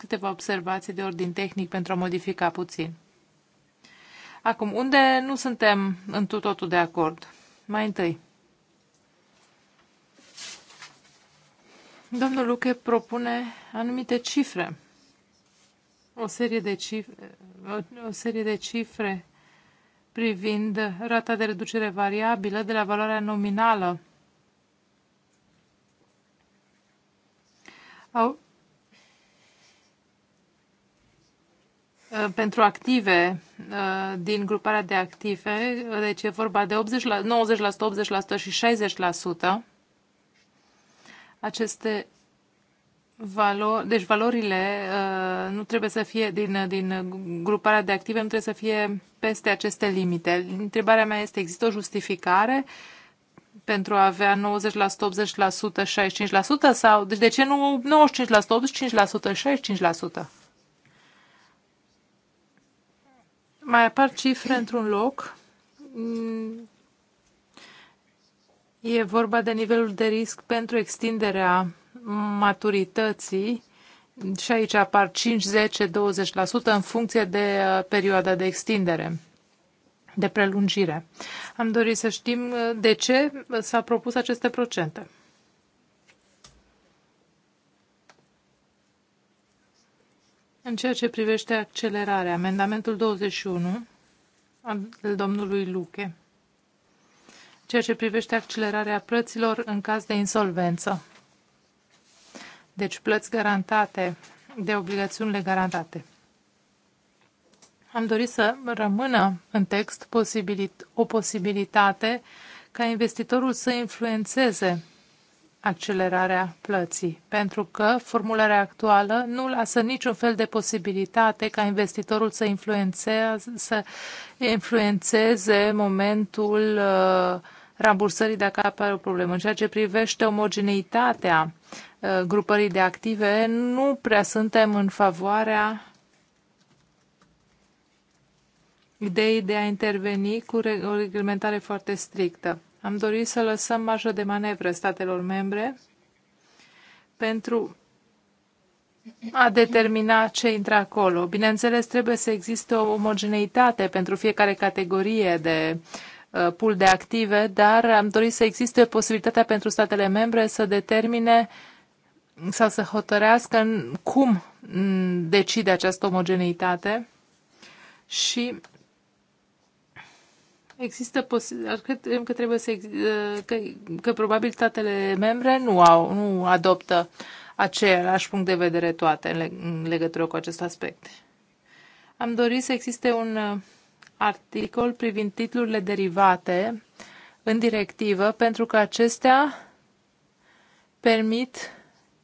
câteva observații de ordin tehnic pentru a modifica puțin. Acum, unde nu suntem în totul de acord? Mai întâi. Domnul Luche propune anumite cifre. O serie de cifre, o, o serie de cifre privind rata de reducere variabilă de la valoarea nominală. Au Uh, pentru active uh, din gruparea de active, deci e vorba de 80 la, 90%, 80% și 60%. Aceste valori, deci valorile uh, nu trebuie să fie din, din gruparea de active, nu trebuie să fie peste aceste limite. Întrebarea mea este, există o justificare pentru a avea 90%, 80%, 65% sau deci de ce nu 95%, 85%, 65%? mai apar cifre într-un loc. Mm. E vorba de nivelul de risc pentru extinderea maturității și aici apar 5, 10, 20% în funcție de uh, perioada de extindere, de prelungire. Am dorit să știm uh, de ce s-au propus aceste procente. În ceea ce privește accelerarea, amendamentul 21 al domnului Luche, în ceea ce privește accelerarea plăților în caz de insolvență, deci plăți garantate de obligațiunile garantate. Am dorit să rămână în text posibilit o posibilitate ca investitorul să influențeze accelerarea plății, pentru că formularea actuală nu lasă niciun fel de posibilitate ca investitorul să, influențeze, să influențeze momentul uh, rambursării dacă apare o problemă. În ceea ce privește omogeneitatea uh, grupării de active, nu prea suntem în favoarea ideii de a interveni cu o reglementare foarte strictă. Am dorit să lăsăm marjă de manevră statelor membre pentru a determina ce intră acolo. Bineînțeles, trebuie să existe o omogeneitate pentru fiecare categorie de uh, pool de active, dar am dorit să existe posibilitatea pentru statele membre să determine sau să hotărească cum mm, decide această omogeneitate și Există posibil, cred că trebuie să că, că probabil statele membre nu au nu adoptă același punct de vedere toate în, leg, în legătură cu acest aspect. Am dorit să existe un uh, articol privind titlurile derivate în directivă pentru că acestea permit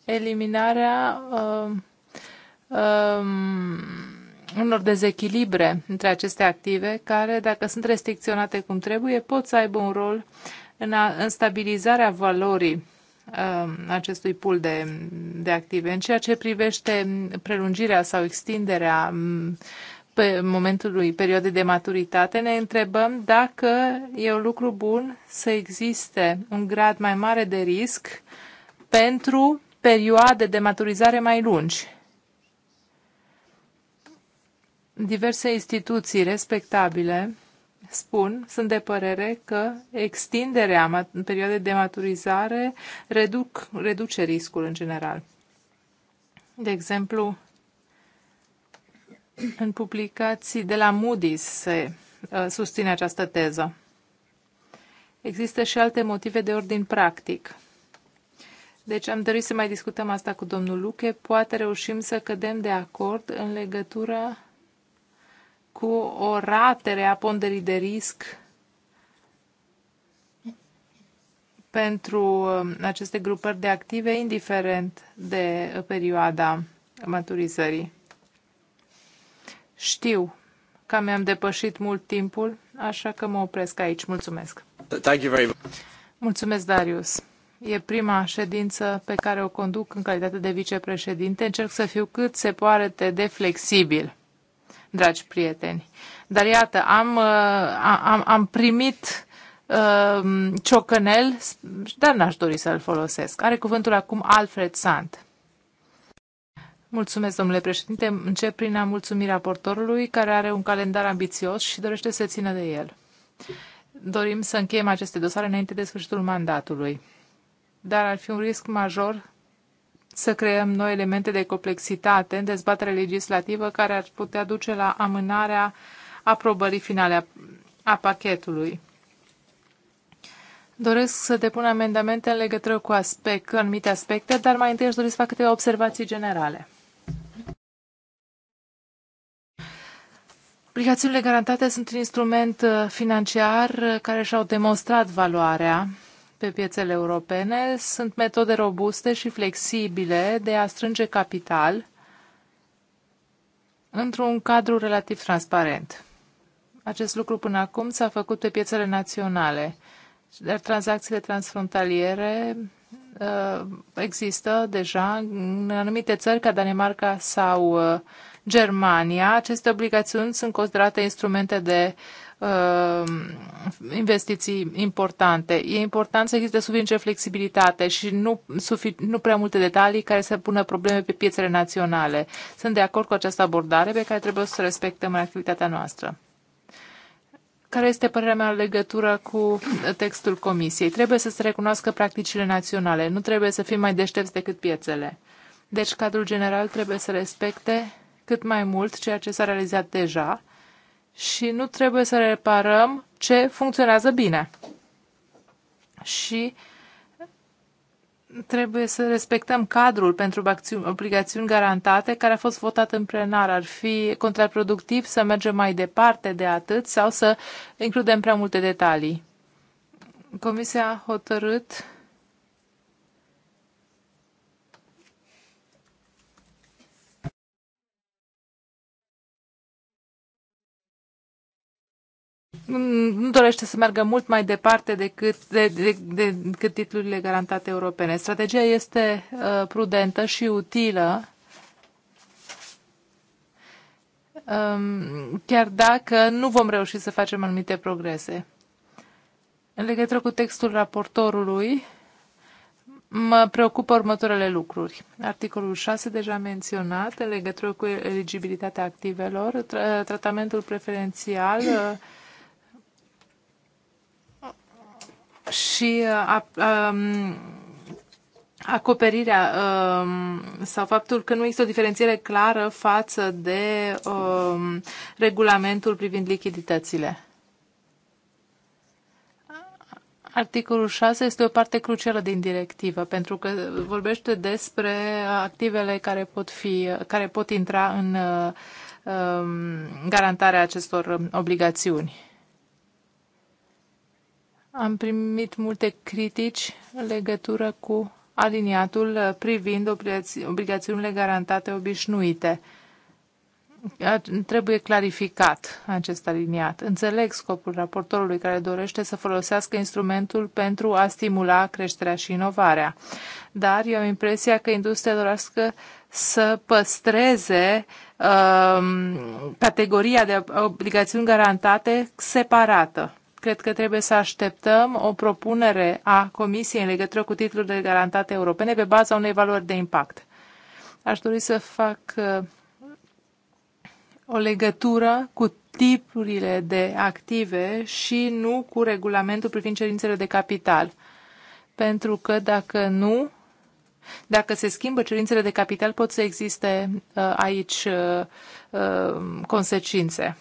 eliminarea uh, uh, unor dezechilibre între aceste active, care, dacă sunt restricționate cum trebuie, pot să aibă un rol în, a, în stabilizarea valorii um, acestui pool de, de active. În ceea ce privește prelungirea sau extinderea pe momentului perioadei de maturitate, ne întrebăm dacă e un lucru bun să existe un grad mai mare de risc pentru perioade de maturizare mai lungi diverse instituții respectabile spun, sunt de părere că extinderea în perioade de maturizare reduc, reduce riscul în general. De exemplu, în publicații de la Moody's se uh, susține această teză. Există și alte motive de ordin practic. Deci am dorit să mai discutăm asta cu domnul Luche. Poate reușim să cădem de acord în legătură cu o ratere a ponderii de risc pentru um, aceste grupări de active, indiferent de perioada maturizării. Știu că mi-am depășit mult timpul, așa că mă opresc aici. Mulțumesc! Thank you very much. Mulțumesc, Darius! E prima ședință pe care o conduc în calitate de vicepreședinte. Încerc să fiu cât se poate de flexibil dragi prieteni. Dar iată, am, uh, am, am primit uh, ciocănel, dar n-aș dori să-l folosesc. Are cuvântul acum Alfred Sant. Mulțumesc, domnule președinte. Încep prin a mulțumi raportorului, care are un calendar ambițios și dorește să țină de el. Dorim să încheiem aceste dosare înainte de sfârșitul mandatului. Dar ar fi un risc major să creăm noi elemente de complexitate în dezbatere legislativă care ar putea duce la amânarea aprobării finale a pachetului. Doresc să depun amendamente în legătură cu aspect, anumite aspecte, dar mai întâi aș dori să fac câteva observații generale. Obligațiunile garantate sunt un instrument uh, financiar uh, care și-au demonstrat valoarea pe piețele europene sunt metode robuste și flexibile de a strânge capital într-un cadru relativ transparent. Acest lucru până acum s-a făcut pe piețele naționale, dar tranzacțiile transfrontaliere uh, există deja în anumite țări ca Danemarca sau uh, Germania. Aceste obligațiuni sunt considerate instrumente de uh, Uh, investiții importante. E important să existe suficientă flexibilitate și nu, nu prea multe detalii care să pună probleme pe piețele naționale. Sunt de acord cu această abordare pe care trebuie să o respectăm în activitatea noastră care este părerea mea în legătură cu textul comisiei. Trebuie să se recunoască practicile naționale, nu trebuie să fim mai deștepți decât piețele. Deci cadrul general trebuie să respecte cât mai mult ceea ce s-a realizat deja și nu trebuie să reparăm ce funcționează bine. Și trebuie să respectăm cadrul pentru obligațiuni garantate care a fost votat în plenar. Ar fi contraproductiv să mergem mai departe de atât sau să includem prea multe detalii. Comisia a hotărât nu dorește să meargă mult mai departe decât, de, de, de, decât titlurile garantate europene. Strategia este uh, prudentă și utilă, um, chiar dacă nu vom reuși să facem anumite progrese. În legătură cu textul raportorului, mă preocupă următoarele lucruri. Articolul 6, deja menționat, în legătură cu eligibilitatea activelor, tratamentul preferențial. Uh, și a, uh, a, um, acoperirea um, sau faptul că nu există o diferențiere clară față de um, regulamentul privind lichiditățile. Articolul 6 este o parte crucială din directivă, pentru că vorbește despre activele care pot, fi, care pot intra în uh, um, garantarea acestor obligațiuni. Am primit multe critici în legătură cu aliniatul uh, privind obligațiunile garantate obișnuite. Trebuie clarificat acest aliniat. Înțeleg scopul raportorului care dorește să folosească instrumentul pentru a stimula creșterea și inovarea. Dar eu am impresia că industria dorească să păstreze um, categoria de obligațiuni garantate separată cred că trebuie să așteptăm o propunere a Comisiei în legătură cu titlurile garantate europene pe baza unei valori de impact. Aș dori să fac uh, o legătură cu tipurile de active și nu cu regulamentul privind cerințele de capital. Pentru că dacă nu, dacă se schimbă cerințele de capital, pot să existe uh, aici uh, consecințe.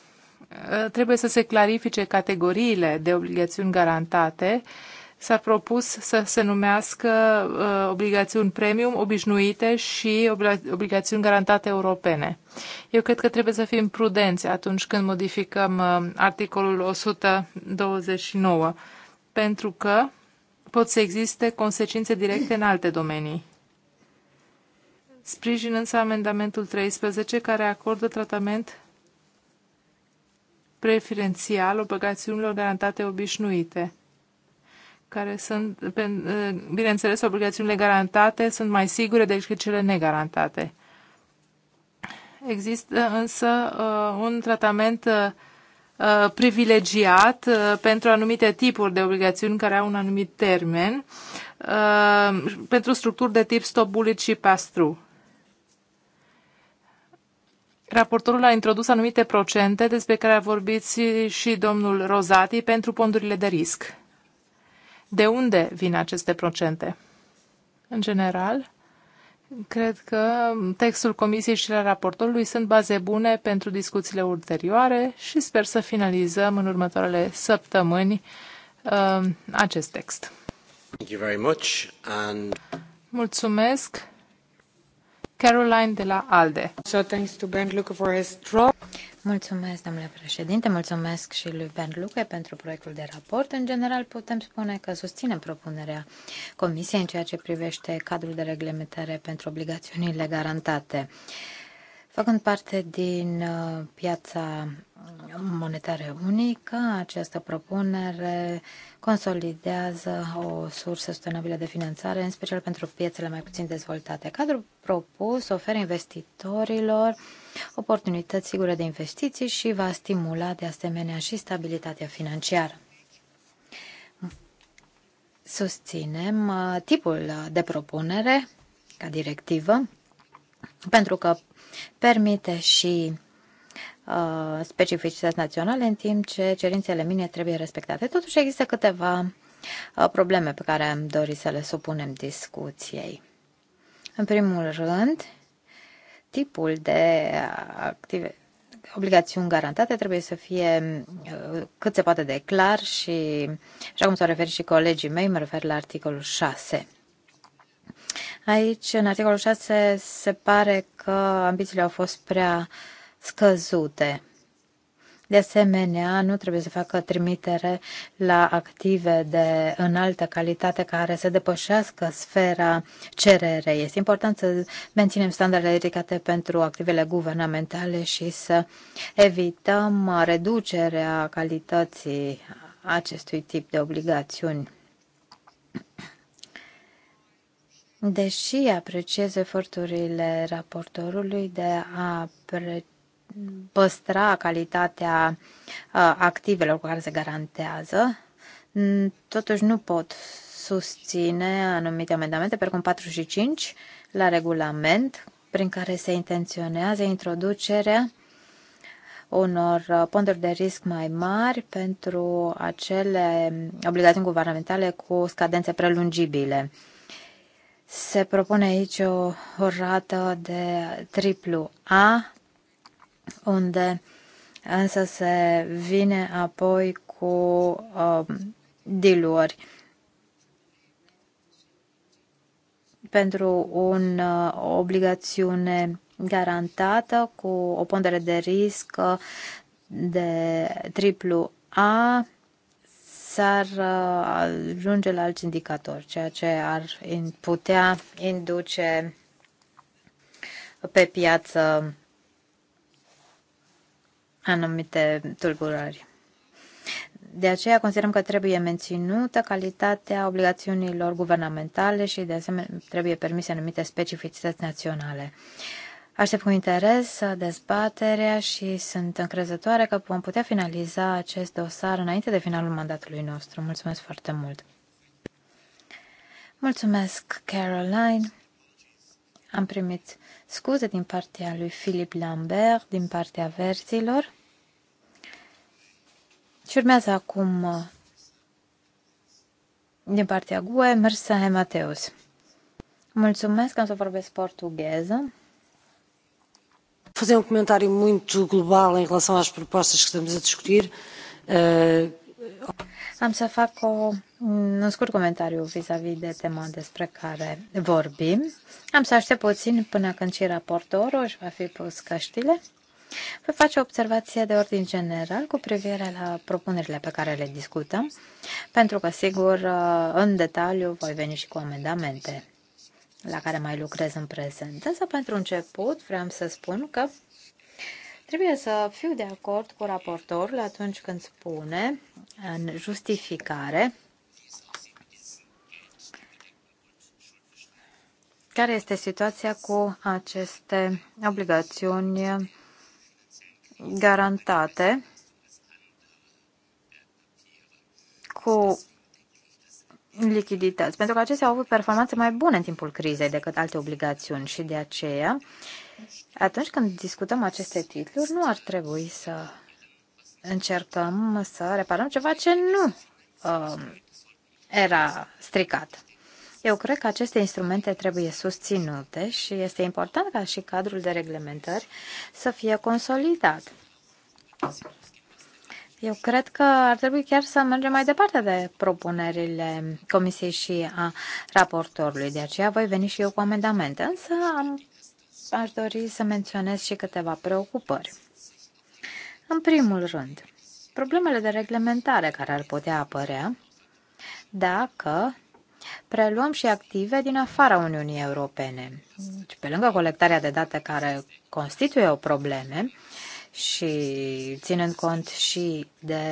Uh, trebuie să se clarifice categoriile de obligațiuni garantate. S-a propus să se numească uh, obligațiuni premium obișnuite și obligațiuni garantate europene. Eu cred că trebuie să fim prudenți atunci când modificăm uh, articolul 129, pentru că pot să existe consecințe directe în alte domenii. Sprijin însă amendamentul 13 care acordă tratament preferențial obligațiunilor garantate obișnuite care sunt, eh, bineînțeles, obligațiunile garantate sunt mai sigure decât cele negarantate. Există însă eh, un tratament eh, privilegiat pentru anumite tipuri de obligațiuni care au un anumit termen, pentru structuri de tip stop bullet și pass-through. Raportorul a introdus anumite procente despre care a vorbit și domnul Rozati pentru fondurile de risc. De unde vin aceste procente? În general, cred că textul comisiei și la raportorului sunt baze bune pentru discuțiile ulterioare și sper să finalizăm în următoarele săptămâni uh, acest text. Thank you very much and... Mulțumesc! Caroline de la ALDE. So thanks to Bernd Lucke for his draw. Mulțumesc, domnule președinte, mulțumesc și lui Bernd Lucke pentru proiectul de raport. În general, putem spune că susținem propunerea Comisiei în ceea ce privește cadrul de reglementare pentru obligațiunile garantate. Uh, Făcând parte din uh, piața uh, monetară unică, această propunere consolidează o sursă sustenabilă de finanțare, în special pentru piețele mai puțin dezvoltate. Cadrul propus oferă investitorilor oportunități sigure de investiții și va stimula de asemenea și stabilitatea financiară. Susținem uh, tipul de propunere ca directivă, pentru că permite și uh, specificități naționale, în timp ce cerințele mine trebuie respectate. Totuși există câteva uh, probleme pe care am dorit să le supunem discuției. În primul rând, tipul de uh, active, obligațiuni garantate trebuie să fie uh, cât se poate de clar și, așa cum s-au referit și colegii mei, mă refer la articolul 6. Aici, în articolul 6, se pare că ambițiile au fost prea scăzute. De asemenea, nu trebuie să facă trimitere la active de înaltă calitate care să depășească sfera cererei. Este important să menținem standardele ridicate pentru activele guvernamentale și să evităm reducerea calității acestui tip de obligațiuni. Deși apreciez eforturile raportorului de a păstra calitatea uh, activelor cu care se garantează, mm, totuși nu pot susține anumite amendamente, precum 45 la regulament, prin care se intenționează introducerea unor uh, ponderi de risc mai mari pentru acele obligații guvernamentale cu scadențe prelungibile. Se propune aici o, o rată de triplu A, unde însă se vine apoi cu um, diluări pentru un uh, o obligațiune garantată cu o pondere de risc de triplu A s-ar ajunge la alți indicatori, ceea ce ar putea induce pe piață anumite tulburări. De aceea considerăm că trebuie menținută calitatea obligațiunilor guvernamentale și de asemenea trebuie permise anumite specificități naționale. Uh, Aștept cu interes dezbaterea și sunt încrezătoare că vom putea finaliza acest dosar înainte de finalul mandatului nostru. Mulțumesc foarte mult! Mulțumesc, Caroline! Am primit scuze din partea lui Philip Lambert, din partea verzilor. Și urmează acum din partea GUE, Mersa Mateus. Mulțumesc, am să vorbesc portugheză fazer um comentário muito global em relação às propostas que estamos a discutir. Uh... Am să fac o, un scurt comentariu vis-a-vis -vis de tema despre care vorbim. Am să aștept puțin până când și raportorul își va fi pus căștile. Voi face o observație de ordin general cu privire la propunerile pe care le discutăm, pentru că, sigur, în detaliu voi veni și cu amendamente la care mai lucrez în prezent. Însă, pentru început, vreau să spun că trebuie să fiu de acord cu raportorul atunci când spune în justificare care este situația cu aceste obligațiuni garantate cu lichidități, pentru că acestea au avut performanțe mai bune în timpul crizei decât alte obligațiuni și de aceea, atunci când discutăm aceste titluri, nu ar trebui să încercăm să reparăm ceva ce nu uh, era stricat. Eu cred că aceste instrumente trebuie susținute și este important ca și cadrul de reglementări să fie consolidat. Eu cred că ar trebui chiar să mergem mai departe de propunerile Comisiei și a raportorului. De aceea voi veni și eu cu amendamente, însă am, aș dori să menționez și câteva preocupări. În primul rând, problemele de reglementare care ar putea apărea dacă preluăm și active din afara Uniunii Europene. Deci, pe lângă colectarea de date care constituie o probleme, și ținând cont și de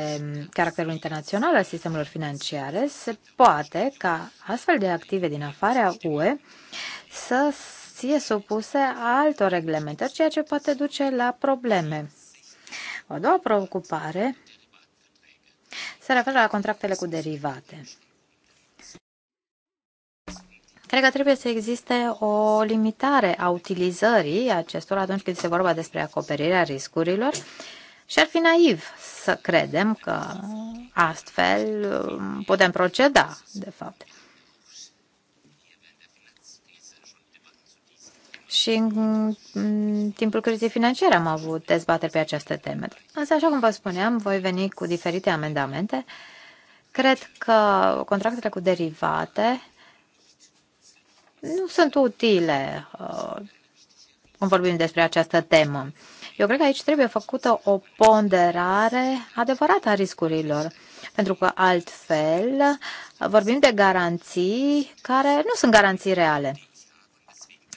caracterul internațional al sistemelor financiare, se poate ca astfel de active din afara UE să fie supuse altor reglementări, ceea ce poate duce la probleme. O a doua preocupare se referă la contractele cu derivate. Cred că trebuie să existe o limitare a utilizării acestor atunci când se vorba despre acoperirea riscurilor și ar fi naiv să credem că astfel um, putem proceda, de fapt. și în timpul crizei financiare am avut dezbateri pe aceste teme. Însă, așa cum vă spuneam, voi veni cu diferite amendamente. Cred că contractele cu derivate nu sunt utile uh, când vorbim despre această temă. Eu cred că aici trebuie făcută o ponderare adevărată a riscurilor, pentru că altfel vorbim de garanții care nu sunt garanții reale.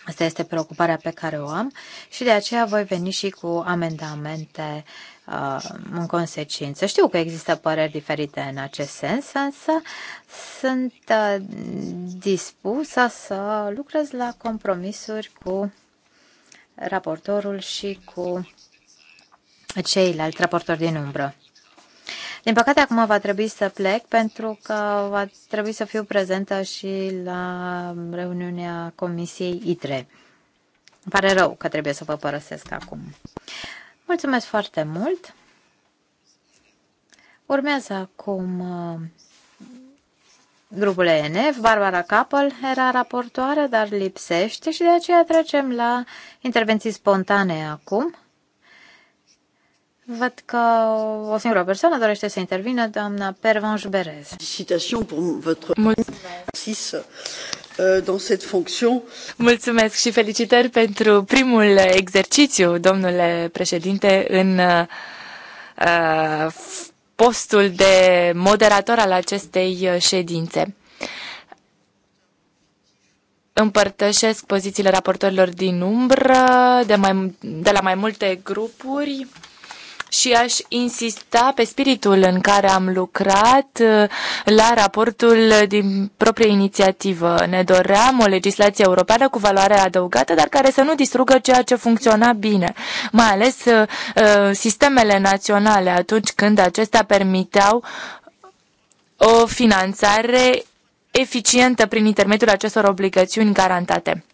Asta este preocuparea pe care o am și de aceea voi veni și cu amendamente uh, Uh, în consecință. Știu că există păreri diferite în acest sens, însă sunt uh, dispusă să lucrez la compromisuri cu raportorul și cu ceilalți raportori din umbră. Din păcate, acum va trebui să plec pentru că va trebui să fiu prezentă și la reuniunea Comisiei ITRE. Îmi pare rău că trebuie să vă părăsesc acum. Mulțumesc foarte mult! Urmează acum uh, grupul ENF, Barbara Capel era raportoare, dar lipsește și de aceea trecem la intervenții spontane acum. Văd că o singură persoană dorește să intervină, doamna Pervan Juberez. Citation pentru votre Euh, dans cette fonction. Mulțumesc și felicitări pentru primul exercițiu, domnule președinte, în uh, postul de moderator al acestei ședințe. Împărtășesc pozițiile raportorilor din umbră de, mai, de la mai multe grupuri și aș insista pe spiritul în care am lucrat uh, la raportul din proprie inițiativă. Ne doream o legislație europeană cu valoare adăugată, dar care să nu distrugă ceea ce funcționa bine, mai ales uh, uh, sistemele naționale atunci când acestea permiteau o finanțare eficientă prin intermediul acestor obligațiuni garantate.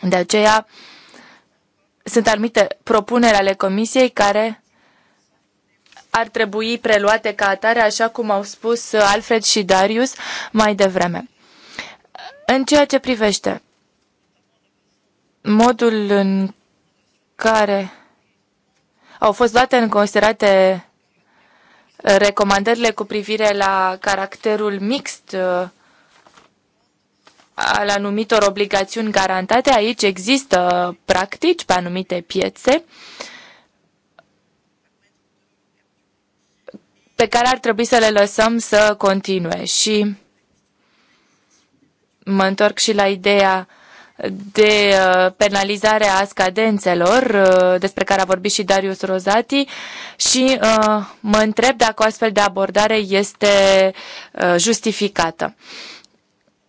De aceea, sunt anumite propuneri ale Comisiei care ar trebui preluate ca atare, așa cum au spus Alfred și Darius mai devreme. În ceea ce privește modul în care au fost luate în considerate recomandările cu privire la caracterul mixt uh, al anumitor obligațiuni garantate, aici există practici pe anumite piețe uh, pe care ar trebui să le lăsăm să continue. Și mă întorc și la ideea de uh, penalizare a scadențelor, uh, despre care a vorbit și Darius Rozati, și uh, mă întreb dacă o astfel de abordare este justificată.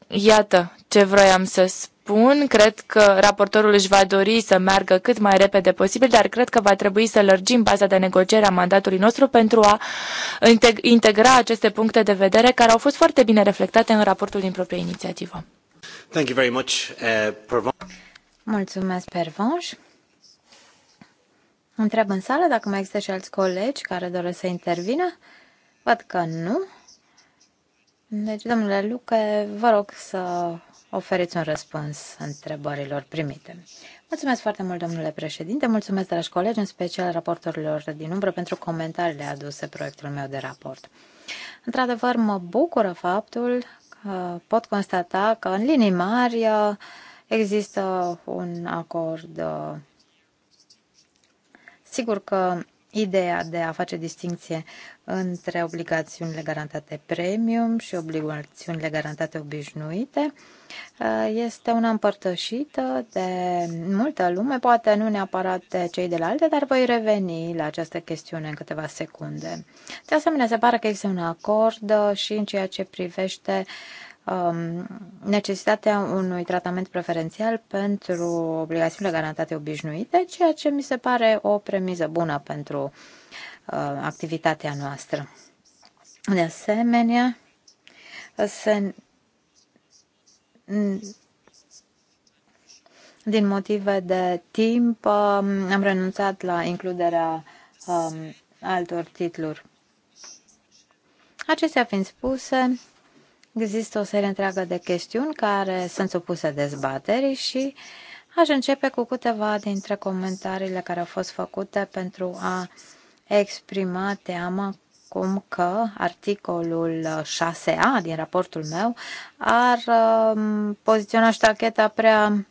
Iată ce vroiam să spun spun, Cred că raportorul își va dori să meargă cât mai repede posibil, dar cred că va trebui să lărgim baza de negociere a mandatului nostru pentru a integra aceste puncte de vedere care au fost foarte bine reflectate în raportul din proprie inițiativă. Thank you very much, uh, Mulțumesc, Pervanș. Întreb în sală dacă mai există și alți colegi care doresc să intervină. Văd că nu. Deci, domnule Luca, vă rog să oferiți un răspuns întrebărilor primite. Mulțumesc foarte mult, domnule președinte, mulțumesc, dragi colegi, în special raportorilor din umbră, pentru comentariile aduse proiectul meu de raport. Într-adevăr, mă bucură faptul că pot constata că, în linii mari, există un acord. Sigur că ideea de a face distinție între obligațiunile garantate premium și obligațiunile garantate obișnuite uh, este una împărtășită de multă lume, poate nu neapărat de cei de la alte, dar voi reveni la această chestiune în câteva secunde. De asemenea, se pare că există un acord și în ceea ce privește um, necesitatea unui tratament preferențial pentru obligațiunile garantate obișnuite, ceea ce mi se pare o premiză bună pentru uh, activitatea noastră. De asemenea, se din motive de timp um, am renunțat la includerea um, altor titluri. Acestea fiind spuse, Există o serie întreagă de chestiuni care sunt supuse dezbaterii și aș începe cu câteva dintre comentariile care au fost făcute pentru a exprima teama cum că articolul 6A din raportul meu ar um, poziționa ștacheta prea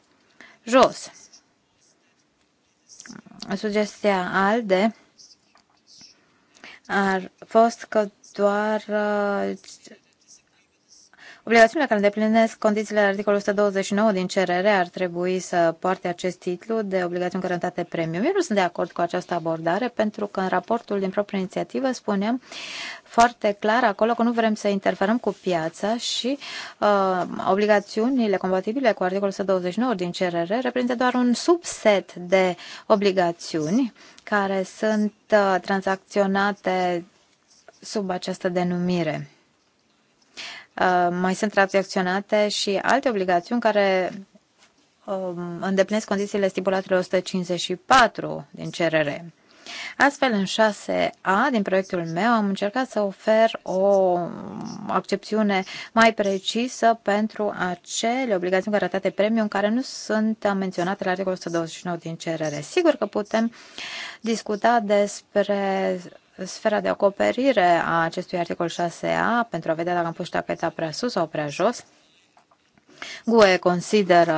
jos. Sugestia ALDE ar fost că doar uh, Obligațiunile care îndeplinesc condițiile articolul 129 din CRR ar trebui să poarte acest titlu de obligațiuni garantate premium. Eu nu sunt de acord cu această abordare pentru că în raportul din propria inițiativă spuneam foarte clar acolo că nu vrem să interferăm cu piața și uh, obligațiunile compatibile cu articolul 129 din CRR reprezintă doar un subset de obligațiuni care sunt uh, tranzacționate sub această denumire. Uh, mai sunt tranzacționate și alte obligațiuni care um, îndeplinesc condițiile stipulatele 154 din CRR. Astfel, în 6A din proiectul meu am încercat să ofer o accepțiune mai precisă pentru acele obligațiuni garantate premium care nu sunt menționate la articolul 129 din CRR. Sigur că putem discuta despre sfera de acoperire a acestui articol 6a pentru a vedea dacă am pus tapeta prea sus sau prea jos. GUE consideră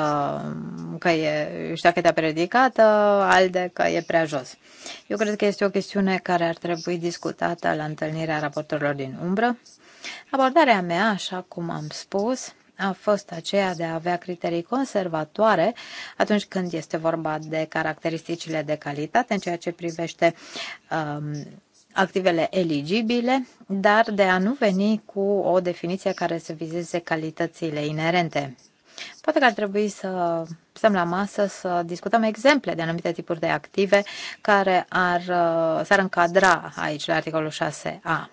că e ștacheta predicată, ALDE că e prea jos. Eu cred că este o chestiune care ar trebui discutată la întâlnirea raportorilor din umbră. Abordarea mea, așa cum am spus, a fost aceea de a avea criterii conservatoare atunci când este vorba de caracteristicile de calitate în ceea ce privește um, activele eligibile, dar de a nu veni cu o definiție care să vizeze calitățile inerente. Poate că ar trebui să stăm la masă să discutăm exemple de anumite tipuri de active care ar, uh, s-ar încadra aici la articolul 6a.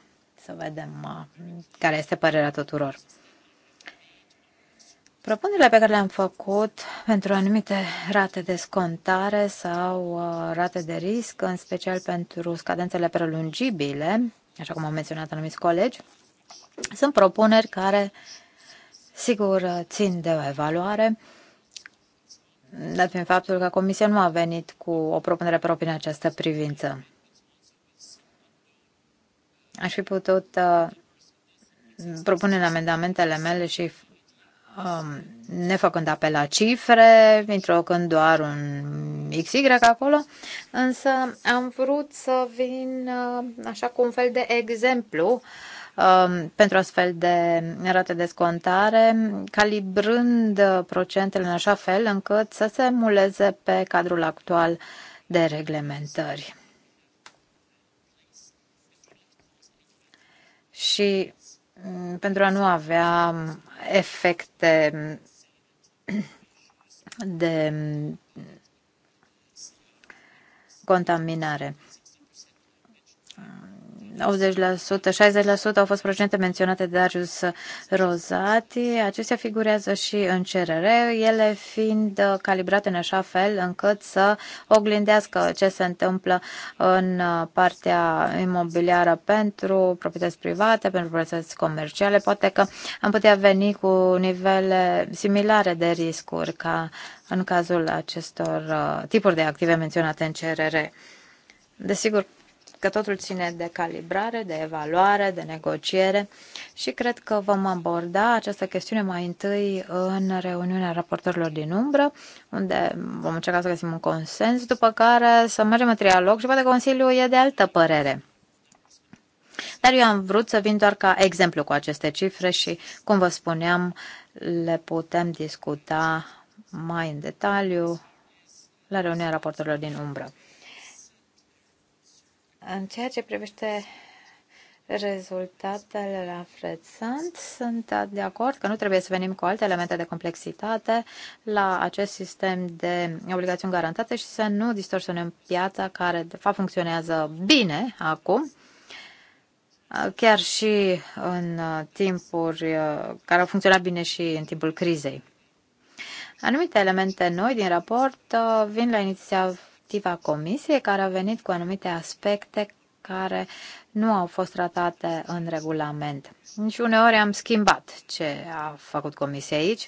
Să vedem uh, care este părerea tuturor. Propunerile pe care le-am făcut pentru anumite rate de scontare sau uh, rate de risc, în special pentru scadențele prelungibile, așa cum au menționat anumiți colegi, sunt propuneri care, sigur, țin de o evaluare, dat fiind faptul că Comisia nu a venit cu o propunere proprie în această privință. Aș fi putut uh, propune în amendamentele mele și Um, nefăcând apel la cifre, introducând doar un XY acolo, însă am vrut să vin uh, așa cu un fel de exemplu um, pentru astfel de rate de scontare, calibrând uh, procentele în așa fel încât să se muleze pe cadrul actual de reglementări. Și Mm, pentru a nu avea mm, efecte mm, de contaminare. 80%, 60% au fost procente menționate de Darius Rozati. Acestea figurează și în CRR, ele fiind calibrate în așa fel încât să oglindească ce se întâmplă în partea imobiliară pentru proprietăți private, pentru proprietăți comerciale. Poate că am putea veni cu nivele similare de riscuri ca în cazul acestor uh, tipuri de active menționate în CRR. Desigur, că totul ține de calibrare, de evaluare, de negociere și cred că vom aborda această chestiune mai întâi în reuniunea raportorilor din umbră, unde vom încerca să găsim un consens, după care să mergem în trialog și poate Consiliul e de altă părere. Dar eu am vrut să vin doar ca exemplu cu aceste cifre și, cum vă spuneam, le putem discuta mai în detaliu la reuniunea raportorilor din umbră. În ceea ce privește rezultatele la Fred sunt de acord că nu trebuie să venim cu alte elemente de complexitate la acest sistem de obligațiuni garantate și să nu distorsionăm piața care de fapt funcționează bine acum chiar și în timpuri uh, care au funcționat bine și în timpul crizei. Anumite elemente noi din raport uh, vin la iniția directiva Comisiei, care a venit cu anumite aspecte care nu au fost tratate în regulament. Și deci, uneori am schimbat ce a făcut Comisia aici,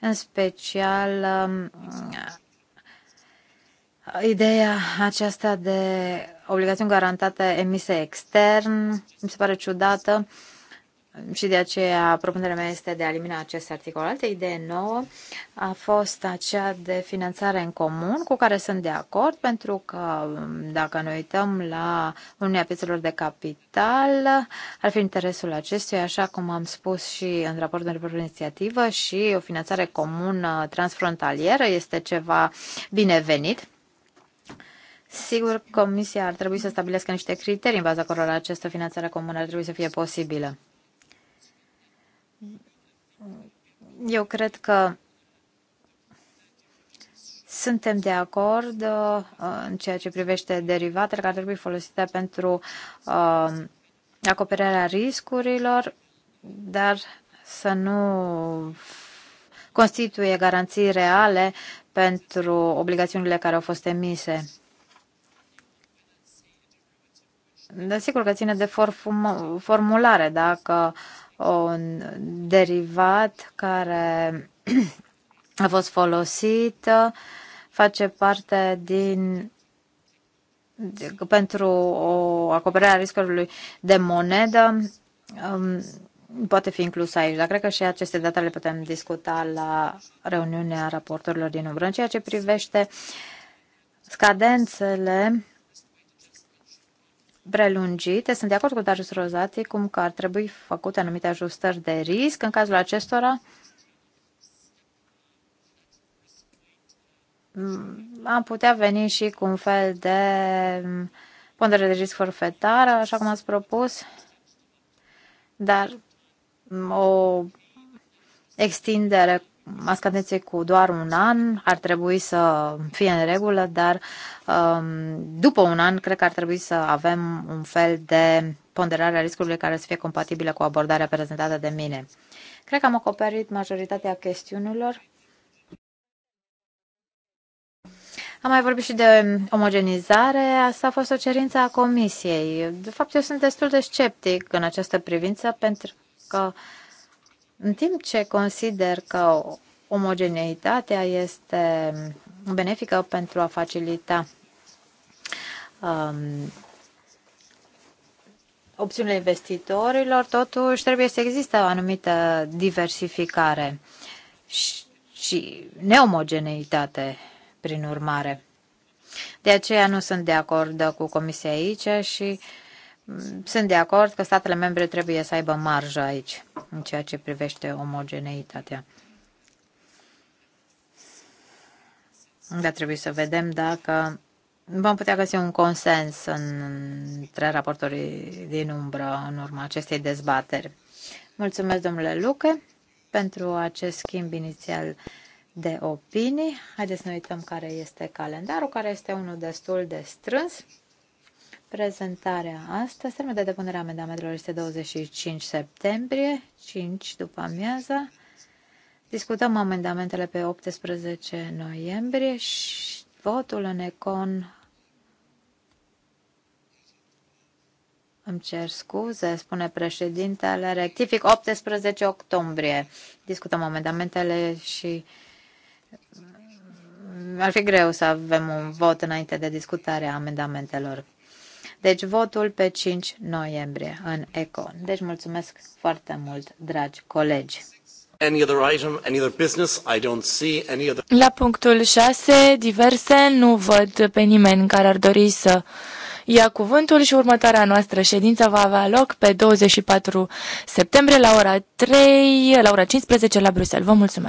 în special um, Ideea aceasta de obligațiuni garantate emise extern mi se pare ciudată și de aceea propunerea mea este de a elimina acest articol. Altă idee nouă a fost aceea de finanțare în comun, cu care sunt de acord, pentru că mm, dacă ne uităm la Uniunea Piețelor de Capital, ar fi interesul acestuia, așa cum am spus și în raportul de inițiativă, și o finanțare comună transfrontalieră este ceva binevenit. Sigur, Comisia ar trebui să stabilească niște criterii în baza cărora această finanțare comună ar trebui să fie posibilă eu cred că suntem de acord uh, în ceea ce privește derivatele care trebuie folosite pentru uh, acoperirea riscurilor, dar să nu constituie garanții reale pentru obligațiunile care au fost emise. Desigur că ține de formulare. Dacă uh, un derivat care a fost folosit face parte din pentru o acoperire a riscului de monedă um, poate fi inclus aici, dar cred că și aceste date le putem discuta la reuniunea raportorilor din umbră. În ceea ce privește scadențele prelungite. Sunt de acord cu Darius Rozati cum că ar trebui făcute anumite ajustări de risc. În cazul acestora, mm, am putea veni și cu un fel de pondere de risc forfetară, așa cum ați propus, dar mm, o extindere masca denții cu doar un an ar trebui să fie în regulă, dar um, după un an cred că ar trebui să avem un fel de ponderare a riscului care să fie compatibilă cu abordarea prezentată de mine. Cred că am acoperit majoritatea chestiunilor. Am mai vorbit și de omogenizare. Asta a fost o cerință a Comisiei. De fapt, eu sunt destul de sceptic în această privință pentru că uh, în timp ce consider că omogeneitatea este benefică pentru a facilita um, opțiunile investitorilor, totuși trebuie să existe o anumită diversificare și, și neomogeneitate, prin urmare. De aceea nu sunt de acord cu Comisia aici și uh, Mm, sunt de acord că statele membre trebuie să aibă marjă aici, în ceea ce privește omogeneitatea. Dar trebuie să vedem dacă vom putea găsi un consens între raportorii din umbră în urma acestei dezbateri. Mulțumesc, domnule Luke pentru acest schimb inițial de opinii. Haideți să ne uităm care este calendarul, care este unul destul de strâns prezentarea asta. Termenul de depunere a amendamentelor este 25 septembrie, 5 după amiaza. Discutăm amendamentele pe 18 noiembrie și votul în econ. Îmi cer scuze, spune președintele, rectific 18 octombrie. Discutăm amendamentele și ar fi greu să avem un vot înainte de discutarea amendamentelor. Deci votul pe 5 noiembrie în ECO. Deci mulțumesc foarte mult, dragi colegi. La punctul 6, diverse, nu văd pe nimeni care ar dori să ia cuvântul și următoarea noastră ședință va avea loc pe 24 septembrie la ora 3, la ora 15 la Bruxelles. Vă mulțumesc!